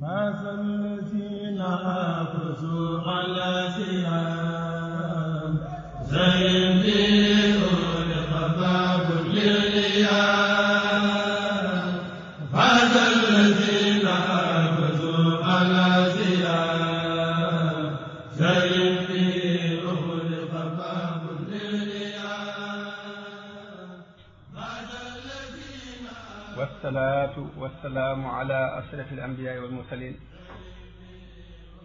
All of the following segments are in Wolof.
فاز الذين حافظوا على سيرا زين والسلام على أشرف الأنبياء والمرسلين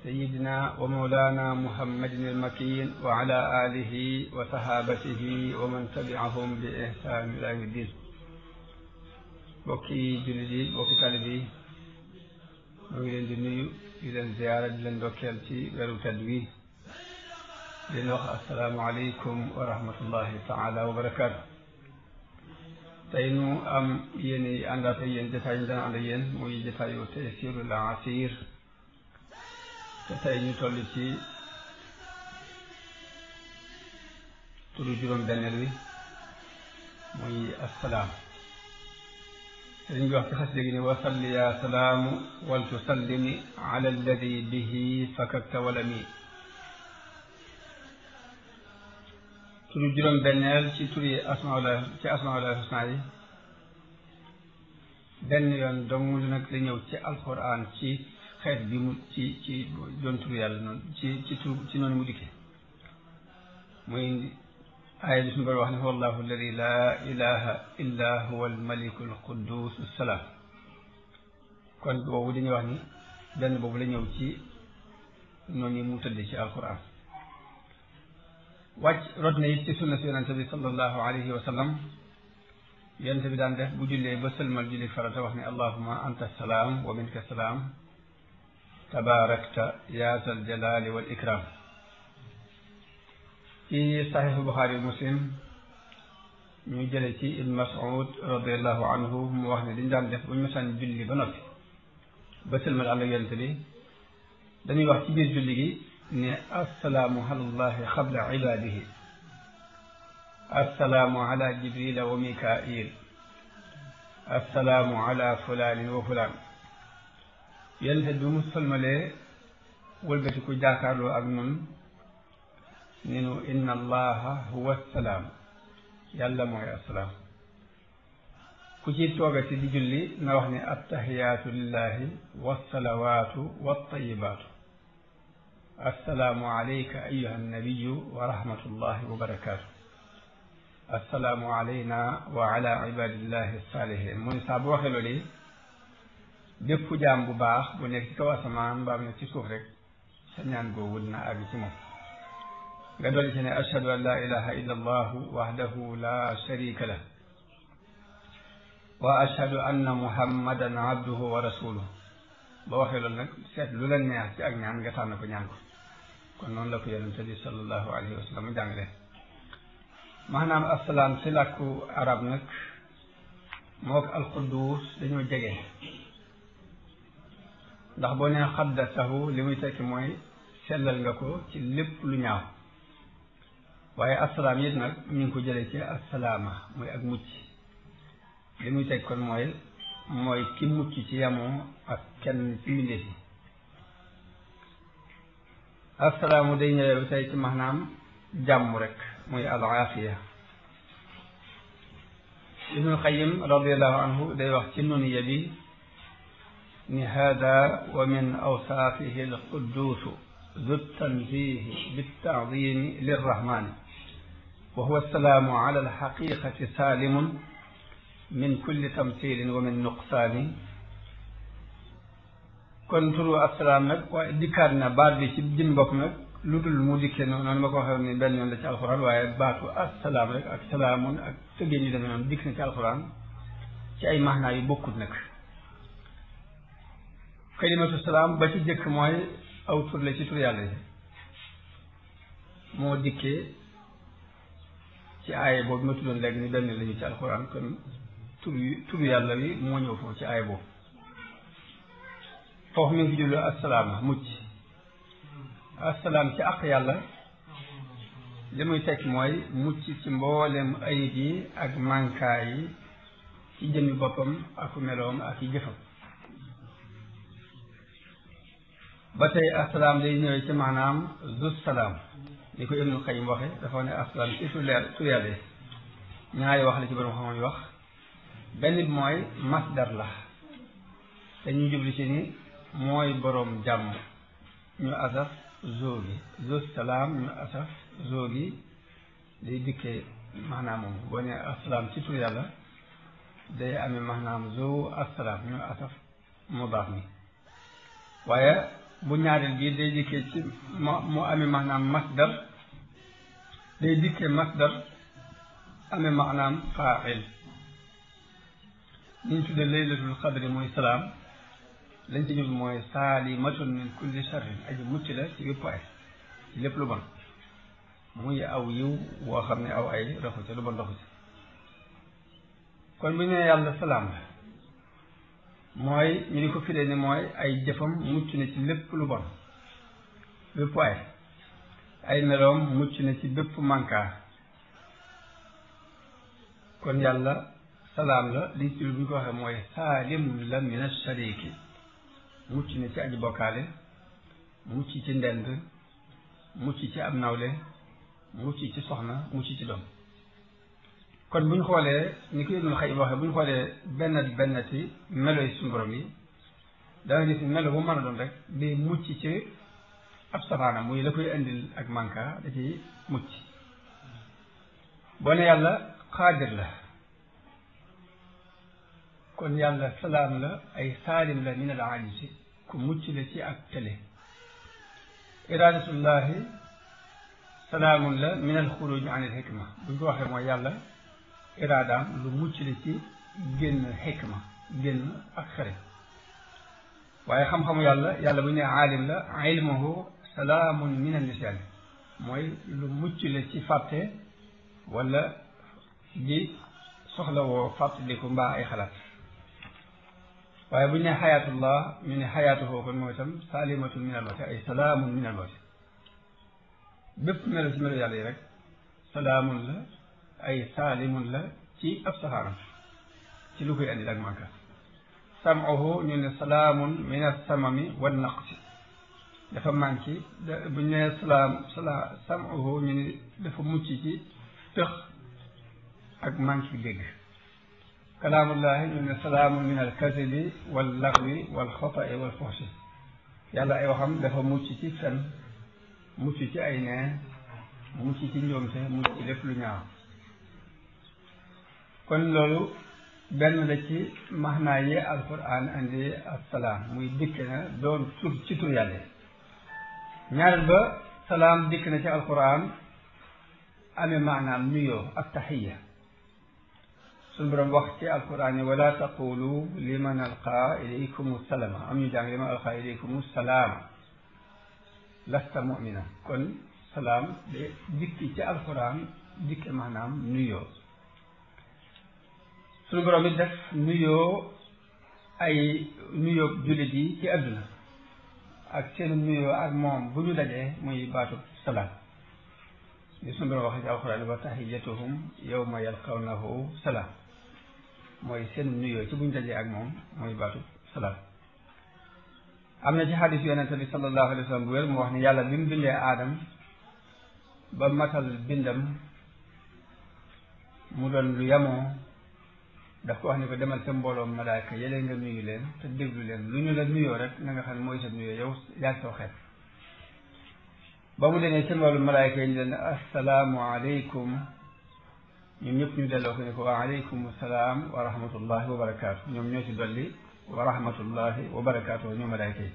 سيدنا ومولانا محمد المكين وعلى آله وصحابته ومن تبعهم بإحسان إلى يوم الدين bokki jullit yi bokki talib yi ñoo ngi leen di nuyu di leen ziyaara di leen ndokkeel ci weeru tedd wi di leen wax assalaamu aleykum wa rahmatullahi taala wa barakaatu tey am yéene yi àndaat ak yéen jataay ñu daan ànd ak yéen muy jataayu Taysiirul Asiir te tey ñu toll ci turu juróom benneel wi muy assalaam sëriñ bi wax ci xas léegi ni wa salli ya salaamu wal tusallimi suñu juróom benneel ci tur yi asmaul ci asmaul husna yi benn yoon dong nag la ñëw ci alquran ci xeet bi mu ci ci doon noonu ci ci tur mu dikkee muy aaya bi suñu wax ne wallahu alladi la ilaha illa huwa almaliku alquddus salaam kon boobu dañuy wax ni benn boobu la ñëw ci noonu mu tëdd ci alquran wàcc rot na it ci sunna si yonente bi sallallahu alayhi wa sallam yonente bi daan def bu jullee ba sëlmal julli farata wax ne allahuma anta salaam wa minka salaam tabaarakta yaa zal jalaali wal ikram ci saxiixu buxaari muslim ñu jële ci ibn mas'ud radiallahu anhu mu wax ne dañ daan def bu ñu masaan julli ba noppi ba sëlmal ànd ak yonente bi dañuy wax ci biir julli gi ne assalaamu alallahi xabla ibaadihi assalaamu ala jibrila wa mikail assalaamu ala fulaani wa fulaan yonente bi mu solmalee wëlbati ku jaakaarloo ak nun ni nu inna allaha huwa salaam yàlla mooy assalaam ku ci toogati di julli na wax ne attahiyaatu lillahi wa salawaatu wa tayibaatu assalaamu alayka ayuha nabiyu wa rahmatullahi wa barakaatu assalaamu alayna wa ala ibadillahi saalihin mu ne saa bu waxee loolu bépp jaam bu baax bu nekk ci kaw asamaan mbaam nekk ci suuf rek sa ñaan googu dina àgg ci moom nga dolli ci ne ashhadu an laa ilaha illa allahu wahdahu la sharika lah wa ashhadu anna muhammadan abduhu wa rasuluhu ba waxee loolu nag seet lu la neex ci ak ñaan nga tànn ko ñaan ko kon noonu la ko yonente bi sallallahu alayhi wa sallam jàngale maanaam asalaam si làkku arab nag moo ko dañoo jege ndax boo nee xaddasahu li muy tekki mooy sellal nga ko ci lépp lu ñaaw waaye asalaam it nag ñu ko jële ci asalaama mooy ak mucc li muy tekki kon mooy mooy ki mucc ci yamoo ak kenn ci mbindeef yi assalaamu day ñëwee ba tey ci maanaam jàmm rek muy al aafiya ibnu xayim radiallahu anhu day wax ci nuniya bi ni hada wa min awsaafihi alquduusu du tanzihi bittaadimi lirrahmani wa huwa assalaamu ala alxaqiqati saalimun min kulli tamsilin wa min nuqsaani kon turu asalaam nag waaye dikkaat na baat bi ci jëm bopp nag lu dul mu dikkee noonu ma ko waxee ni benn yoon la ci alxuraan waaye baatu asalaam rek ak salaamun ak tëggeen yi demee noonu dikk na ci alxuraan ci ay maanaa yu bokkut nag kalimatu salaam ba ci jëkk mooy aw tur la ci tur yàlla yi moo dikkee ci aaye boobu ma tuddoon léegi ni benn lañu ci alxuraan kon tur yu yàlla wi moo ñëw foofu ci aaye boobu foofu mi ngi jullu asalaama mucc asalaam ci àq yàlla li muy tekki mooy mucc ci mboolem ayib yi ak mankaa yi ci jëmmi boppam ak meloom ak yi jëfam ba tey asalaam day ñëwee ci maanaam zu salaam ni ko Ibnu Qayyim waxe dafa ne asalaam ci su leer su yàlla wax la ci borom xam-xam yi wax benn mooy masdar la dañuy jublu ci ni mooy boroom jàmm ñu asaf zoogi zo salaam ñu asaf zoogi day dikkee maanaam boo nee asalaam ci tur yàlla day amee maanaam asalaam ñu asaf mu baax mi bu ñaar bii day dikkee ci ma mu amee maanaam masdar day dikkee masdar amee maanaam faa'il muy salaam lañ ci ñun mooy saalimatun min kulli sharrin aji mucc la ci bépp ay ci lépp lu bon muy aw yiw woo xam ne aw ay raxu lu bon raxu kon bu ñu nee yàlla salaam la mooy ñu di ko firee ni mooy ay jëfam mucc na ci lépp lu bon bépp ay ay meloom mucc na ci bépp mankaar kon yàlla salaam la liñ ci lu bu ñu ko waxee mooy saalimun la min ashariki mucc na ci aji bokkaale mucc ci ndend mucc ci am nawle mucc ci soxna mucc ci doom kon bu ñu xoolee ni ko Ibnul Qayyim waxee bu ñu xoolee benn benn ci melo yi suñu borom danga gis melo bu mën a doon rek day mucc ci ab safaana muy la koy indil ak manka da ci mucc boo ne yàlla xaadir la kon yàlla salaam la ay saalim la min al ajisi ku mucc la ci ak tële iradatullahi salaamun la min al xuruj an al xikma buñ ko waxee mooy yàlla iraadaam lu mucc la ci génn xikma génn ak xere waaye xam-xamu yàlla yàlla bu ñu nee aalim la ilmuhu salaamun min al lisaan mooy lu mucc la ci fàtte wala di soxlawoo fàttaliku mbaa ay xalaat waaye bu ñu nee xayaatullah ñu ne xayaatuhu kon mooy itam saalimatun min almawti ay salaamun min almawti bépp melo si melo yàlla yi rek salaamun la ay saalimun la ci ab saxaaram ci lu koy andi ak manka samuhu ñu ne salaamun min assamami wa naqsi dafa manqué bu ñu nee salaam sala samuhu ñu ne dafa mucc ci tëx ak manqué dégg kalaamullahi ñu ne salaamu min al kasibi wal laxwi wal xotai wal foxsi yàlla ay waxam dafa mucc ci fen mucc ci ay neen mucc ci njoom se mucc ci lépp lu ñaaw kon loolu benn la ci maxnaa yi alquran andi assalaam muy dikk na doon tur ci tur yàlla ñaareel ba salaam dikk na ci alquran amee maanaam nuyoo ak taxiya suñu borom wax ci alquran ne wala taqulu liman alqa ilaykum salama am ñu jàng liman alqa ilaykum salaama lasta mu'mina kon salaam de dikki ci alquran dikke maanaam nuyoo suñu borom it def nuyoo ay nuyoo jullit yi ci àdduna ak seen nuyoo ak moom bu ñu dajee muy baatu salaam li suñu borom wax ci alquran wa taxiyatuhum yawma yalqawnahu salaam mooy seen nuyoo ci buñ dajee ak moom mooy baatu salaam am na ci xadis yonente bi sallallahu alayhi bu wér mu wax ni yàlla bi mu bindee aadam ba matal bindam mu doon lu yamoo daf ko wax ni ko demal sa mbooloom malaaka yelee nga nuyu leen te déglu leen lu ñu la nuyoo rek na nga xam mooy sa nuyoo yow soo xeet ba mu demee ca mbooloom malaaka yi ñu leen assalaamu ñun ñëpp ñu delloo ko ne ko wa salaam wa rahmatullahi wa barakaatu ñoom ñoo ci dolli wa rahmatullahi wa barakaatu ñu malaayka yi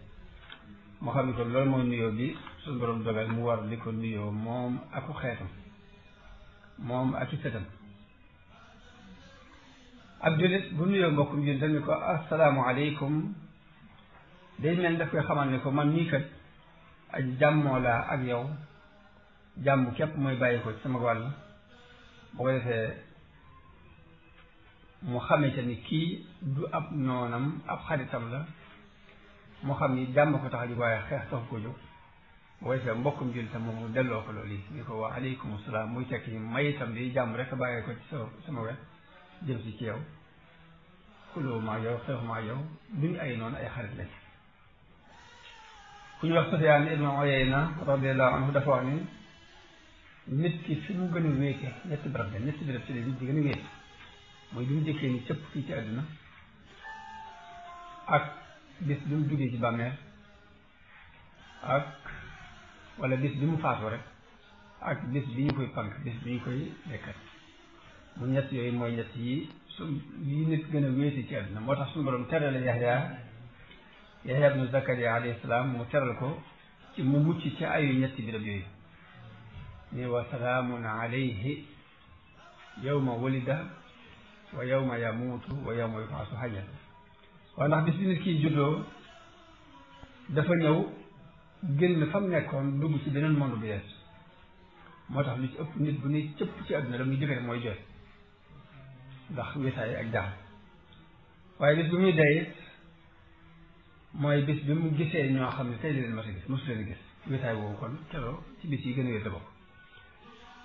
moo xam ne kon loolu mooy nuyoo bi dogal mu war li ko nuyoo moom aku xeetam moom ak i sëtam ab jullit bu nuyoo mbokkum jullitam ni ko asalaamu aleykum day mel daf man mii kat ak jàmmoo laa ak yow jàmm képp mooy bàyyi ko ci sama wàll bu ko defee mu xamee ca ni kii du ab noonam ab xaritam la mu xam ni jàmm ko tax a jóg waaye xeex tax ko jóg bu ko defee mbokkum jullitam mu delloo ko loolu yi ni ko waa aleykum salaam muy tekki ni mayitam di jàmm rek bàyyee ko ci sa sama wet jëm si ci yow kuloo maa yow xeex maa yow duñu ay noonu ay xarit lañ ku ñu wax Sufyaan ibnu Uyayna radiyallahu anhu dafa wax ni nit ki fi mu gën a wéete ñetti barab de ñetti barab ci la nit di gën a wéete mooy bi mu jëkkee ni cëpp fii ci adduna ak bis bi mu duggee ci bàmmeel ak wala bis bi mu faatoo rek ak bis bi ñu koy pank bis bi ñu koy lekkat mu ñett yooyu mooy ñett yi su yi nit gën a wéete ci àdduna moo tax suñu borom terale Yaxya Yaxya ibnu Zakariya alayhi salaam mu teral ko ci mu mucc ci ayu ñetti birab yooyu ni wa salaamun alayhi yawma wulida wa yawma yamuutu wa yawma yubaasu hayyan waaw ndax bis bi nit kiy dafa ñëw génn fa mu nekkoon dugg ci beneen monde bu yees moo tax lu ci ëpp nit bu ni cëpp ci àdduna la muy jóge mooy jooy ndax wisaay ak jaaxal waaye bis bi muy dee mooy bis bi mu gisee ñoo xam ne tey leen mas a gis mosu leen gis wisaay boobu kon ci bis yi gën a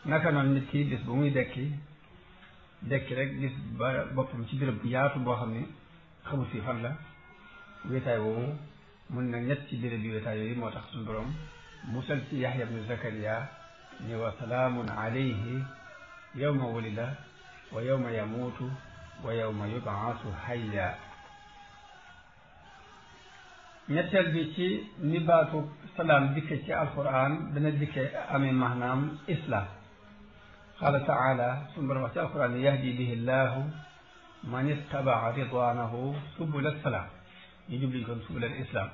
naka noonu nit ki bis bu muy dekki dekki rek gis ba boppam ci béréb bu yaatu boo xam ne xamul fii fan la wéetaay woowu mun na ñett ci béréb yu wéetaay yooyu moo tax suñu borom musal ci Yaxya bnu Zakariya ni wa salaamun alayhi yawma wulida wa yawma yamuutu wa yawma yubaasu hayya ñetteel bi ci ni baatu salaam dikke ci alquran dana dikke amee maanaam islam qaala taala suñu borom wax ci alquran ne yahdi bihi llahu man ittabaa ridwanahu subula salaam ñu jubluñ kon subula islam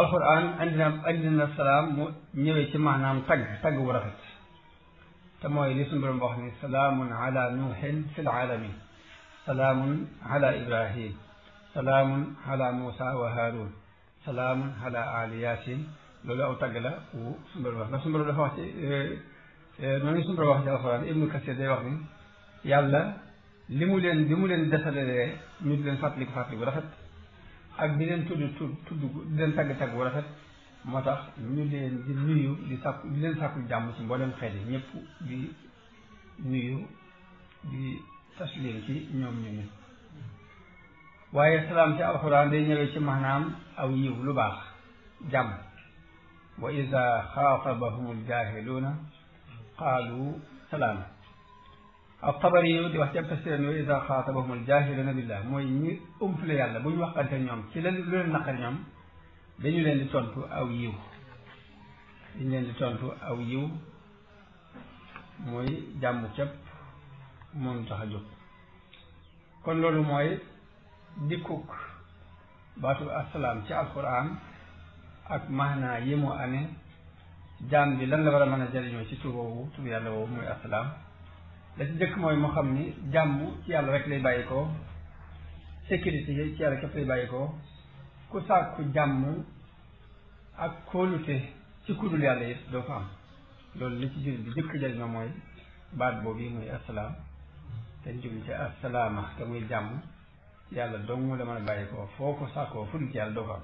alquran andi na andi na salaam mu ñëwee ci maanaam tagg tagg wu rafet te mooy li suñu borom wax ni salaamun ala nuuhin fi lalamin salaamun ala ibrahim salaamun ala muusa wa haarun salaamun ala ali yaasin loolu aw tagg la wu suñu borom wax ndax suñu borom dafa wax ci euh, Eh, noonu suñu borom wax ci alxuraan ibnu kasir day wax ni yàlla li mu leen li mu leen desalalee ñu di leen fàttaliku fàttali bu rafet ak di leen tudd tudd tudd di leen tagg tagg bu rafet moo tax ñu leen di nuyu di sàkku di leen sàkku jàmm ci mboolem xeet yi ñëpp di nuyu di taslim ci ñoom ñu waaye salaam ci alxuraan day ñëwee ci maanaam aw yiw lu baax jàmm wa ida xaatabahum aljahiluuna qaalu salaama at-Tabari di wax ci am tafsiram wa iza xaatabahum al-jaahiluuna billah mooy ñi umple yàlla bu ñu waxante ñoom ci leen lu leen ñoom dañu leen di aw yiw leen di tontu aw yiw mooy jàmm képp moom tax a kon loolu mooy dikkuk baatu asalaam ci alquran ak maanaa yi mu amee jaam bi lan la war a mën a jëriñoo ci tur woowu tur yàlla woowu muy asalaam la ci njëkk mooy mu xam ni jàmm ci yàlla rek lay bàyyi ko sécurité yi ci yàlla képp lay bàyyi ko ku sàkku jàmm ak kóolute ci kudul yàlla yëpp doo ko am loolu li ci jur bi jëkk jëriñoo mooy baat boobu muy asalaam te jublu ci asalaama te muy jàmm yàlla dong la man a bàyyi ko foo ko sàkkoo fu dul ci yàlla doo ko am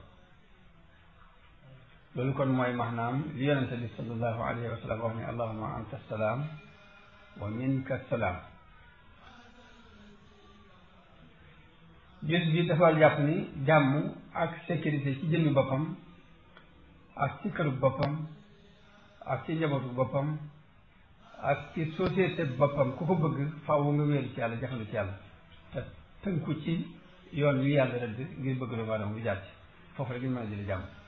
loolu kon mooy maanaam li yonente bi sallallahu alayhi wa sallam wax ne allahuma anta salaam wa minka salaam gis bi dafa jàpp ni jàmm ak sécurité ci jëmmi boppam ak ci këru boppam ak ci njabootu boppam ak ci société boppam ku ko bëgg faaw nga wéeru ci yàlla jaxlu ci yàlla te tënku ci yoon wi yàlla rëdd ngir bëgg doomu aadama bu jàcc foofu rek ñu mën a jële jàmm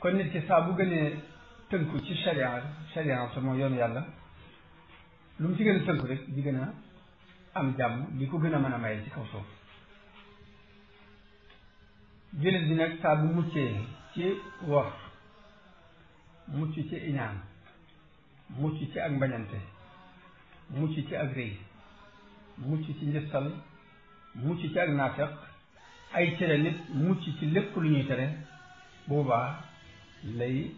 kon nit ki saa bu gënee tënku ci charia charia te mooy yàlla lu mu ci gën a tënku rek di a am jàmm li ko gën a mën a maye ci kaw suuf jullit bi nag muccee ci wor mucc ci iñaan mucc ci ak mbañante mucc ci ak rëy mucc ci njëstal mucc ci ak naafeq ay cere nit mucc ci lépp lu ñuy tere boobaa lay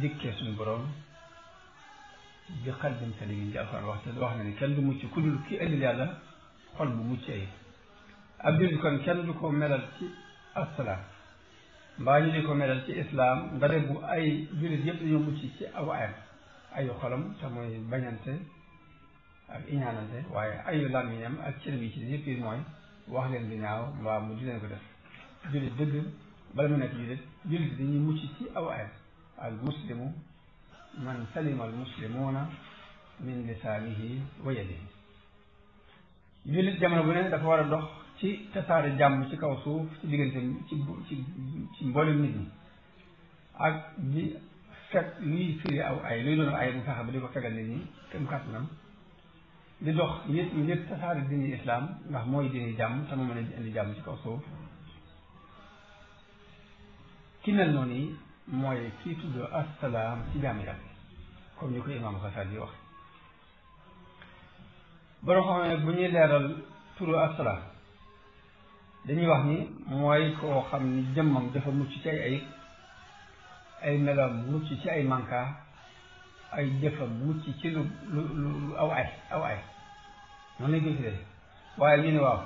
dikkee suñu borom bi xalbin salim ci alxuraan wax te wax na ni kenn du mucc ku dul ki ëllil yàlla xol bu mucc ay ab jullit kon kenn du ko melal ci asalaam mbaa ñu di ko melal ci islaam nga def bu ay jullit yëpp dañoo mucc ci aw ayam ayu xolam te mooy bañante ak iñaanante waaye ayu làmmiñam ak cër bi ci yëpp yi mooy wax leen di ñaaw mbaa mu di leen ko def jullit dëgg bala mu nekk jullit jullit dañuy mucc ci aw ayib al muslimu man salima al muslimuuna min lisaanihi wa yadihi jullit jamono bu ne dafa war a dox ci tasaare jàmm ci kaw suuf ci diggante ci ci ci mboolem nit ñi ak di fekk luy firi aw ay luy doon mu fexe ba di ko fegal nit ñi kem di dox ñëpp ñëpp tasaare diine islam ndax mooy diine jàmm te mu mën a indi ci kaw ki mel noonu mooy kii tudd assalaam ci jaamu yàlla comme ni ko imaam Xasal yi wax borom xam ne bu ñuy leeral turu assalaam dañuy wax ni mooy koo xam ni jëmmam dafa mucc ci ay ayib ay melam mucc ci ay manka ay jëfam mucc ci lu lu lu aw ay aw ay noonu lañ koy tuddee waaye ñu ne waaw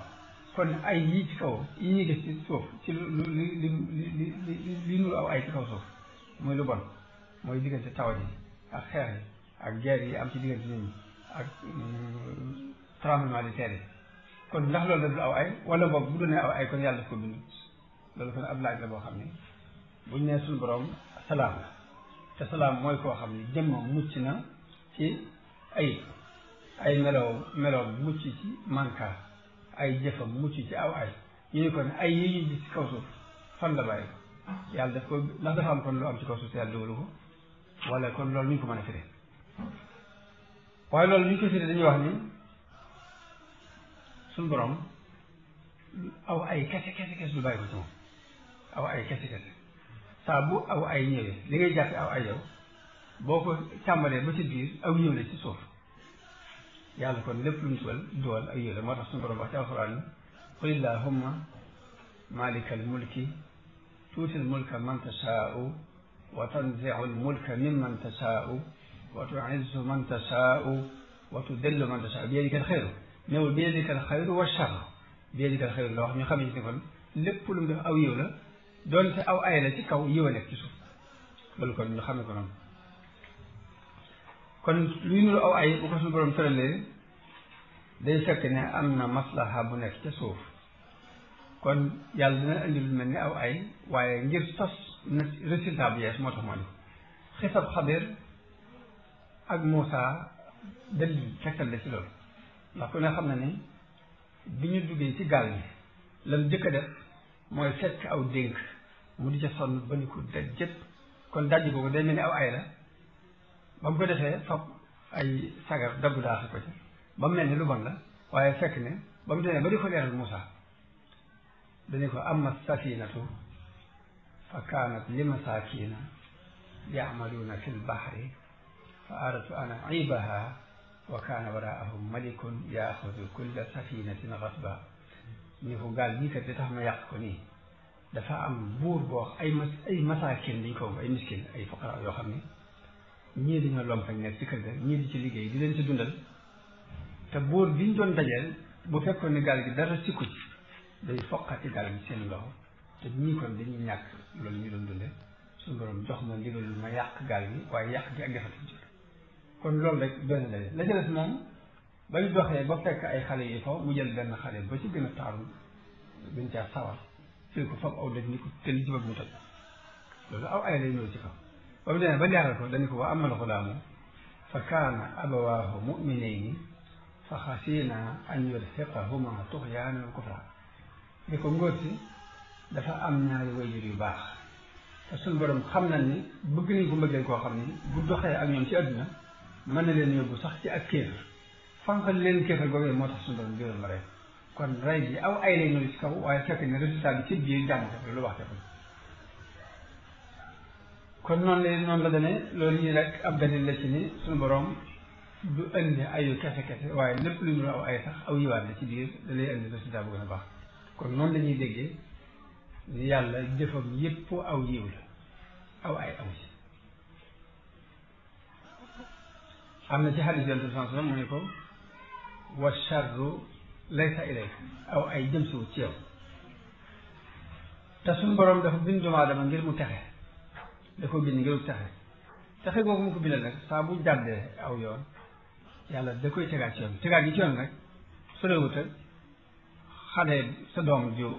kon ay yii ci kaw yi ñuy gis suuf ci lu lu li li li li nuru aw ay ci kaw suuf muy lu bon mooy diggante tawat yi ak xeex yi ak guerre yi am ci diggante nit ak mm, tremblement de terre yi kon ndax loolu da dul aw ay wala boog bu doonee aw ay kon yàlla daf ko bind loolu kon ab laaj la boo xam ne buñ nee suñu borom salaam la te salaam mooy koo xam ne jëmmam mucc na ci ay ay melow meloo mucc ci manka ay jëfam mucc ci aw ay ñu ne kon ay yi ñu gis ci kaw suuf fan la bàyyi yàlla daf ko ndax dafa am kon lu am ci kaw suuf si yàlla dugalu ko wala kon loolu ñu ko mën a firi waaye loolu ñu ko firi dañuy wax ni suñu borom aw ay kese kese kese du bàyyi ko ci moom aw ay kese kese saa bu aw ay ñëwee li ngay jàppe aw ay yow boo ko càmbalee ba ci biir aw ñëw la ci suuf yàlla kon lépp lu mu tubal duwal ak yële moo tax suñu borom wax ci alxuraan ni qul illahumma malikal mulki tuutil mulka man tashaau wa tanziu l mulka mimman tashaau wa tuizzu man tashaau wa tudillu man tashaau bi yadika al xayru néewul bi yadika al xayru wa charru bi yadika al xayru nga wax ñu xam ne ci kon lépp lu mu def aw yiw la doonte aw ay la ci kaw yiw a nekk ci suuf loolu kon ñu xam ne ko noonu kon luy nuru aw ay bu ko suñu borom tëralee day fekk ne am na maslaha bu nekk ca suuf kon yàlla dina indi lu mel ni aw ay waaye ngir sos na résultat yees moo tax moo ni xisab xadir ak Moussa dalil fekkal la ci loolu ndax ku ne xam na ni bi ñu duggee ci gaal gi lan jëkk a def mooy fekk aw dénk mu di ca sonn ba ni ko daj jëpp kon daj boobu day mel ni aw ay la ba mu ko defee fab ay sagar daggu daasa ko ci ba mu mel ni lu bon la waaye fekk ne ba mu demee ba di ko leeral Moussa dañu ko amma safinatu fa kaanat li masakina yaamaluuna fi lbahri fa aradtu an aibaha wa kaana waraahum malikun yaaxudu kulla safinatin gasba ñu ko gaal gii kat li tax ma yàq ko nii dafa am buur boo ay mas ay masaakin dañ ko ay miskin ay fuqara yoo xam ne ñii dañoo lomp nekk ci kër ga ñii di ci liggéey di leen ci dundal te buur biñ doon dajeel bu fekkoon ni gaal gi dara sikku ci day foqati gaal gi seen loxo te ñii kon dañuy ñàkk loolu ñu doon dunde suñu borom jox ma ndigalul ma yàq gaal waaye yàq gi kon loolu rek benn la la ca moom ba ñu doxee ba fekk ay xale yi foofu mu jël benn xale ba ci gën a taaru gën caa sawar fii ko fab aw def ni ko tël ci bëgg mu toj loolu aw ay lay ñëw ci kaw ba mu demee ba jàngal ko dañu ko wa amal xulaamu fa kaana abawaahu muminayni fa xasiina an yurhiqahuma tuxyaanan kufra di ko ngóor si dafa am ñaari wayjur yu baax te suñ borom xam nañ ni bëgg nañ ko mbëggeel koo xam ni bu doxee ak ñoom ci àdduna mën na leen yóbbu sax ci ak kéefar fanqal leen kéefar googee moo tax suñ borom digal ma rey kon rey bi aw ay lay ñëw ci kaw waaye fekk ne résultat bi ci biir jàmm lu baax defal kon noonu la noonu la loolu ñu nag ab dalil la ci ni suñu borom du indi ayu kese kese waaye lépp lu ñu aw ay sax aw yiwaat la ci biir da lay indi si daa bu gën baax kon noonu la ñuy déggee yàlla jëfam yépp aw yiw la aw ay aw ci am na ci xadis yonent sallallahu alayhi wa sallam mu ne ko wa charru laysa ilayk aw ay jëm siwu ci yow te suñu borom dafa bindu doomu aadama ngir mu texe da ko bind ngir texe texe googu mu ko bindal nag saa bu jàddee aw yoon yàlla da koy tegaat ci yoon tegaat gi ci yoon nag sorewut ak xale sa doom ju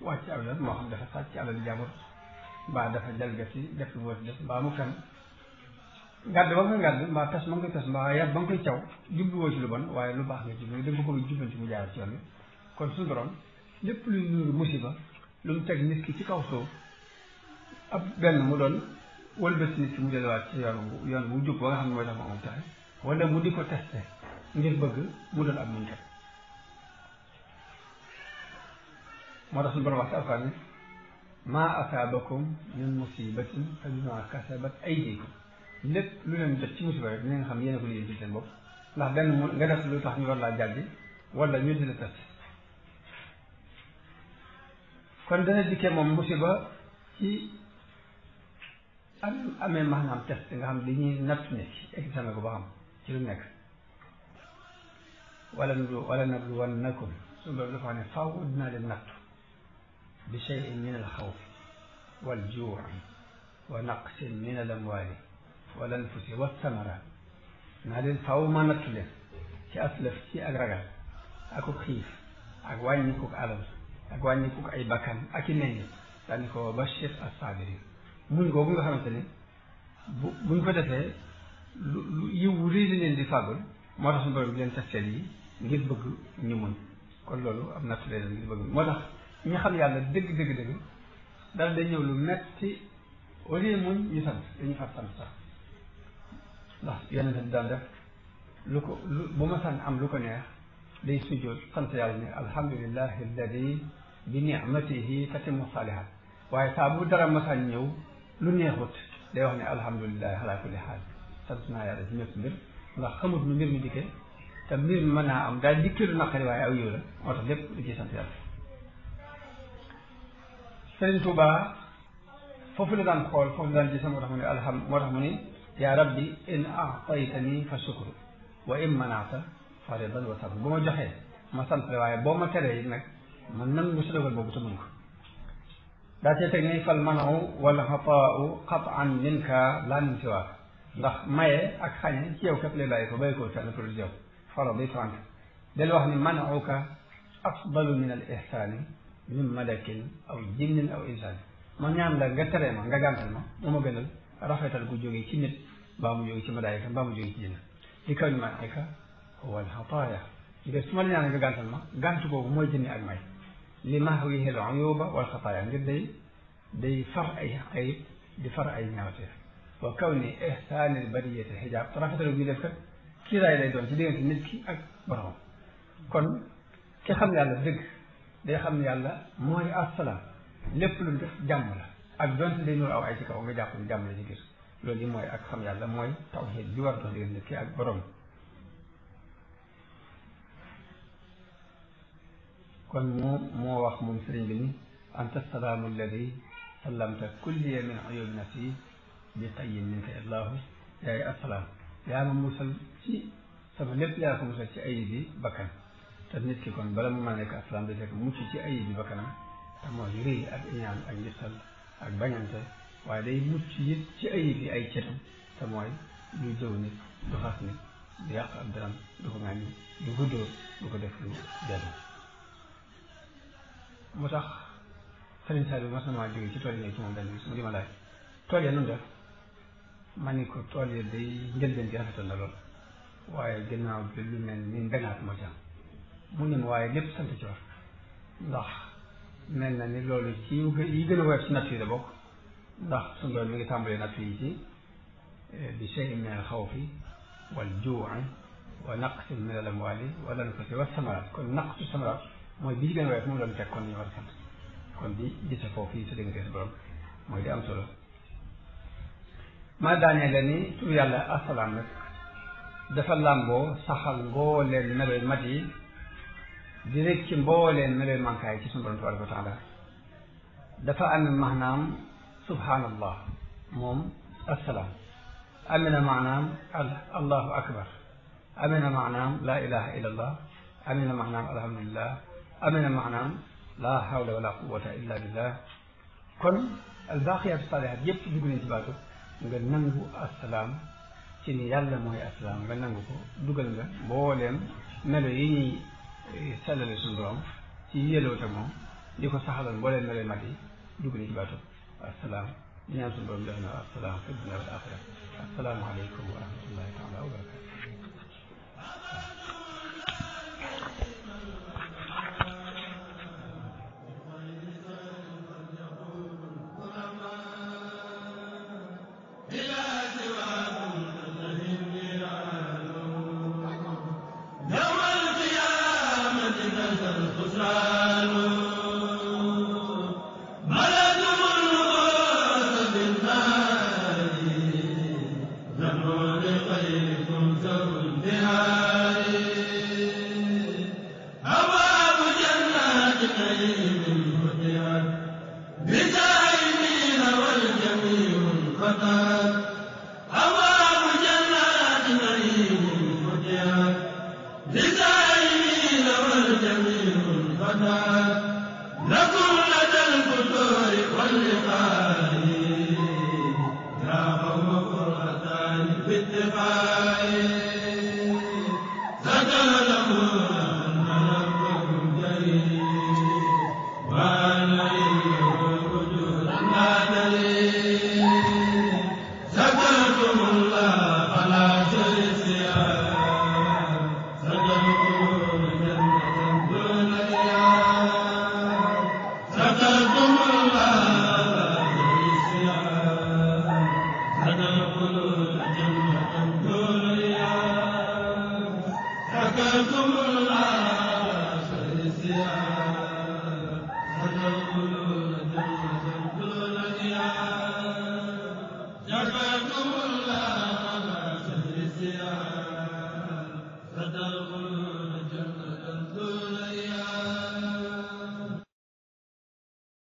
wàcc aw yoon moo xam dafa sàcc alal jàmbur mbaa dafa jalgati def lu war def mbaa mu fen ngàdd ba nga koy ngàdd mbaa tas ba nga koy tas mbaa yar ba nga koy caw jubluwoo ci lu bon waaye lu baax nga ci lu da nga ko bëgg jubanti mu jaar ci yoon bi kon suñu borom lépp luy nuuru musiba lu ki ci kaw suuf ab benn mu doon wëlbati nit ki mu delluwaat yoon yoon bu jub ba nga xam ne mooy tax mu am taxe mu di ko testé ngir bëgg mu doon ab munkar moo tax suñu borom wax ci alxuraan ni maa asaabakum min musibatin fa bimaa kasabat aydikum lépp lu leen jot ci musiba rek ni nga xam yéen a ko liggéey seen bopp ndax benn nga def lu tax ñu war laa jàjji wala ñu di la testé kon dana dikkee moom musiba ci amee maanaam test nga xam dañuy natt ne ci examen ko ba xam ci lu nekk wala wala nabluwannakum suñu borom dafa ne faaw dinaa leen nattu bi shay'in min al xawf wal juu'i wa naqsin min al amwaali wal anfusi wa samaraat naa leen faaw ma nattu leen ci aslaf ci ak ragal ak xiif ak wàññi ko alal ak wàññi ko ay bakkan ak i meññ daani ko bashir as-saabiriin muñ googu nga xamante bu buñ ko defee lu lu yiw rëy la leen di fàggul moo tax suñu borom leen testeel yi ngir bëgg ñu muñ kon loolu am natt leen ngir bëgg yàlla dëgg dëgg dëgg dara ñëw lu metti au lieu muñ ñu sant dañu far sant sax ndax yonente bi daan def lu ko lu bu ma sant am lu ko neex day sujjóot sant yàlla ne alhamdulillahi alladi bi nicmatihi tatimu saalihat waaye saa bu dara masaan ñëw lu neexut day wax ne alhamdulilah ala kulli xaal sant naa yàlla ci mbir ndax mi dikkee te mbir mi mën naa am daal dikkee naqari waaye aw yiw la moo tax lépp lu ciy sant yàlla Sëriñ Tuubaa foofu la daan xool foofu la daan gis moo in aataytani fa fa ridan wa sabr bu ma joxee ma sant la waaye boo ma teree nag man nangu sa dogal boobu daa cee teg ni fal manaw wala xataau xataan minka laa min siwaak ndax maye ak xañe ci yow képp lay bàyyi ko bàyyi ko fenn ko dul yow faro bi trente del wax ni manauka afdalu min al ihsaani min malakin aw jinnin aw insaan man ñaan la nga teree ma nga gàntal ma mu ma gënal rafetal gu jógee ci nit mbaa mu jógee ci malaayika mbaa mu jógee ci jinn li kaw ni malaayika huwa al xataaya ngir su ma la ñaan nga gàntal ma gànt kooku mooy jënni ak may li mahwihi al uyuba wal xataaya ngir day day far ay ayib di far ay ñaawteef wa kawni ihsaanil bariyati xijaab rafetalu bi def kat kiiraay lay doon ci diggante nit ki ak borom kon ki xam yàlla dëgg day xam yàlla mooy asalaam lépp lu def jàmm la ak donte day ñëw aw ay ci kaw nga jàpp ni jàmm la ci gis loolu yi mooy ak xam yàlla mooy tawhid bi war doon diggante nit ki ak borom. kon moo moo wax moom sëriñ bi ni anta salaamu alladi sallamta kulliya min uyubi nafsi bi tayyin minka illahu yaay assalaam yaa ma musal ci sama lépp yaa ko musal ci ayib bi bakkan te nit ki kon bala mu mën a nekk assalaam da fekk mucc ci ayib bi bakkanam te mooy réy ak iñaan ak ngistal ak bañante waaye day mucc it ci ayib yi ay cëram te mooy du jëw nit du xas nit du yàq ab daram du ko ŋàññi du ko dóor du ko def lu jàll moo tax Serigne Saliou mas na maa jógee ci tool yi ci moom benn bis mu di ma laaj tool ya nu def ma ni ko tool ya day njëlbeen gi rafetoon na lool waaye ginnaaw bi lu mel ni mbenaat moo ci am mu ne ma waaye lépp sant ci war ndax mel na ni loolu ci yi gën a woyof ci natt yi la bokk ndax suñu doon mi ngi tàmbalee natt yi ci bi shay'in min al-khawfi wal ju'i wa naqsin min al-amwali wal anfusi was samarat kon naqsu samarat mooy bi ci gën a wees moom la di gis foofu yi sa diggante sa borom mooy di am solo ma daanee la ni tur yàlla asalaam nag dafa làmboo saxal mbooleen meloy mat yi di rek ci mbooleen meloy mankaay ci sunu borom tabaraka wa taala dafa amee moom asalaam akbar amee na la ilaha illallah amee na maanaam alhamdulillah amee na maanaam laa hawla wala quwata illa billah kon al baaqiyaatu saalihaat yépp dugg nañ ci baatu nga nangu asalaam ci ni yàlla mooy asalaam nga nangu ko dugal nga mbooleem melo yi ñuy sellale suñu borom ci yëloote moom di ko saxaloon mbooleem melo mat yi dugg nañ ci baatu asalaam di ñaan suñu borom jox na asalaam fi dunya wal axira asalaamaaleykum wa rahmatullahi taala wa barakatu